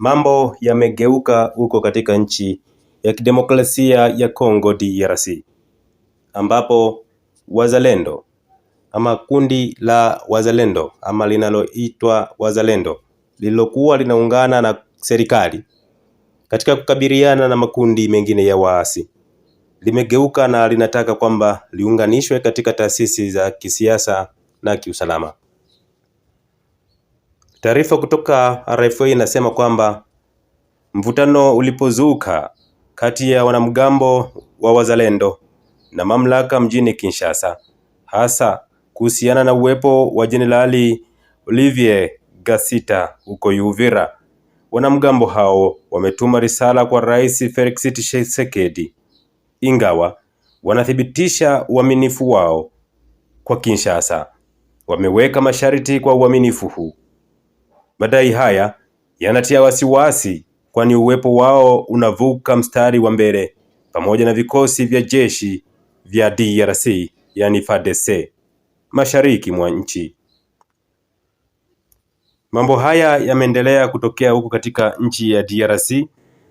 mambo yamegeuka huko katika nchi ya kidemokrasia ya Kongo DRC, ambapo wazalendo ama kundi la wazalendo ama linaloitwa wazalendo lililokuwa linaungana na serikali katika kukabiliana na makundi mengine ya waasi limegeuka na linataka kwamba liunganishwe katika taasisi za kisiasa na kiusalama. Taarifa kutoka RFA inasema kwamba mvutano ulipozuka kati ya wanamgambo wa wazalendo na mamlaka mjini Kinshasa, hasa kuhusiana na uwepo wa Jenerali Olivier Gasita huko Uvira, wanamgambo hao wametuma risala kwa Rais Felix Tshisekedi, ingawa wanathibitisha uaminifu wao kwa Kinshasa. Wameweka masharti kwa uaminifu huu Madai haya yanatia wasiwasi, kwani uwepo wao unavuka mstari wa mbele pamoja na vikosi vya jeshi vya DRC yani FARDC mashariki mwa nchi. Mambo haya yameendelea kutokea huko katika nchi ya DRC,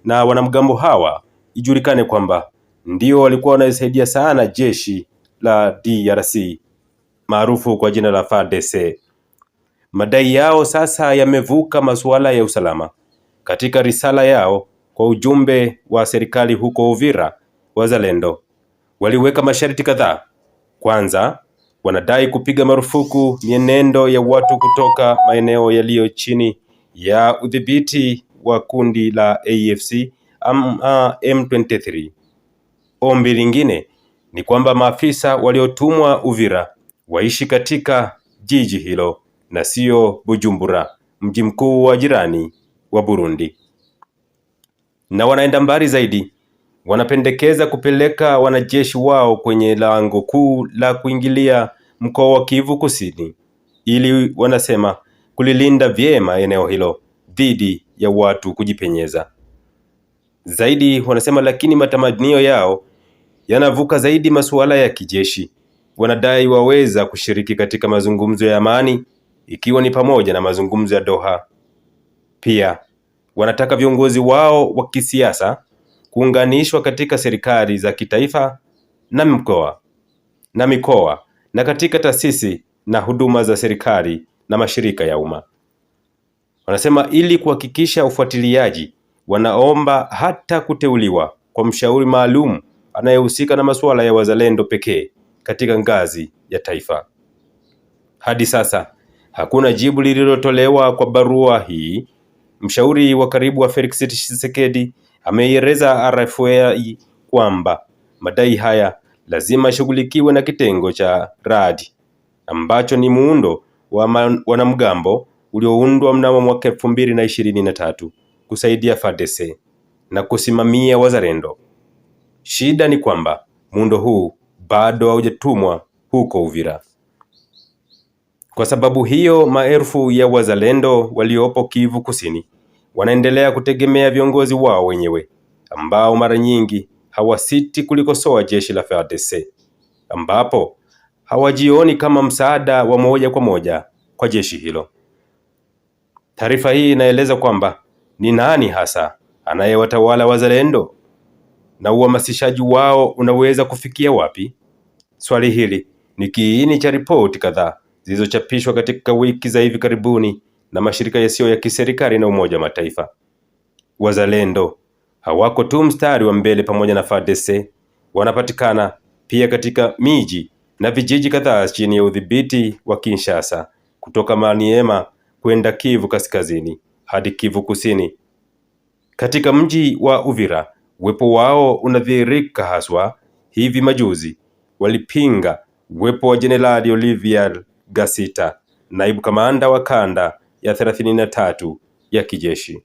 na wanamgambo hawa ijulikane kwamba ndio walikuwa wanaisaidia sana jeshi la DRC maarufu kwa jina la FARDC. Madai yao sasa yamevuka masuala ya usalama. Katika risala yao kwa ujumbe wa serikali huko Uvira, wazalendo waliweka masharti kadhaa. Kwanza, wanadai kupiga marufuku mienendo ya watu kutoka maeneo yaliyo chini ya udhibiti wa kundi la AFC M23. Ombi lingine ni kwamba maafisa waliotumwa Uvira waishi katika jiji hilo na sio Bujumbura, mji mkuu wa jirani wa Burundi. Na wanaenda mbali zaidi, wanapendekeza kupeleka wanajeshi wao kwenye lango kuu la kuingilia mkoa wa Kivu Kusini ili wanasema kulilinda vyema eneo hilo dhidi ya watu kujipenyeza. Zaidi wanasema lakini matamanio yao yanavuka zaidi masuala ya kijeshi. Wanadai waweza kushiriki katika mazungumzo ya amani ikiwa ni pamoja na mazungumzo ya Doha. Pia wanataka viongozi wao wa kisiasa kuunganishwa katika serikali za kitaifa na mkoa na mikoa na katika taasisi na huduma za serikali na mashirika ya umma. Wanasema ili kuhakikisha ufuatiliaji, wanaomba hata kuteuliwa kwa mshauri maalum anayehusika na masuala ya wazalendo pekee katika ngazi ya taifa. Hadi sasa Hakuna jibu lililotolewa kwa barua hii. Mshauri wa karibu wa Felix Tshisekedi ameieleza RFA kwamba madai haya lazima shughulikiwe na kitengo cha radi ambacho ni muundo wa wanamgambo ulioundwa mnamo mwaka elfu mbili na ishirini na tatu kusaidia FARDC na kusimamia wazalendo. Shida ni kwamba muundo huu bado haujatumwa huko Uvira. Kwa sababu hiyo, maelfu ya wazalendo waliopo Kivu Kusini wanaendelea kutegemea viongozi wao wenyewe ambao mara nyingi hawasiti kulikosoa jeshi la FARDC ambapo hawajioni kama msaada wa moja kwa moja kwa jeshi hilo. Taarifa hii inaeleza kwamba ni nani hasa anayewatawala wazalendo na uhamasishaji wao unaweza kufikia wapi? Swali hili ni kiini cha ripoti kadhaa zilizochapishwa katika wiki za hivi karibuni na mashirika yasiyo ya kiserikali na Umoja wa Mataifa. Wazalendo hawako tu mstari wa mbele pamoja na FARDC, wanapatikana pia katika miji na vijiji kadhaa chini ya udhibiti wa Kinshasa, kutoka Maniema kwenda Kivu Kaskazini hadi Kivu Kusini. Katika mji wa Uvira, uwepo wao unadhihirika haswa. Hivi majuzi walipinga uwepo wa Jenerali Olivier Gasita, naibu kamanda wa kanda ya 33 ya kijeshi.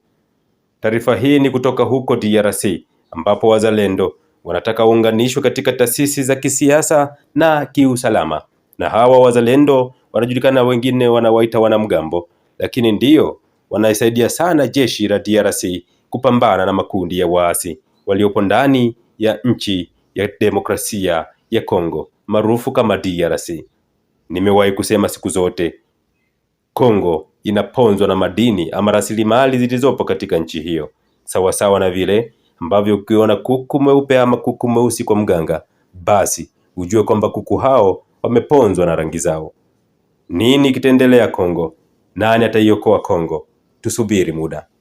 Taarifa hii ni kutoka huko DRC ambapo wazalendo wanataka waunganishwe katika taasisi za kisiasa na kiusalama, na hawa wazalendo wanajulikana, wengine wanawaita wanamgambo, lakini ndiyo wanaisaidia sana jeshi la DRC kupambana na makundi ya waasi waliopo ndani ya nchi ya demokrasia ya Kongo maarufu kama DRC. Nimewahi kusema siku zote, Kongo inaponzwa na madini ama rasilimali zilizopo katika nchi hiyo, sawasawa na vile ambavyo ukiona kuku mweupe ama kuku mweusi kwa mganga, basi ujue kwamba kuku hao wameponzwa na rangi zao. Nini kitaendelea Kongo? Nani ataiokoa Kongo? Tusubiri muda.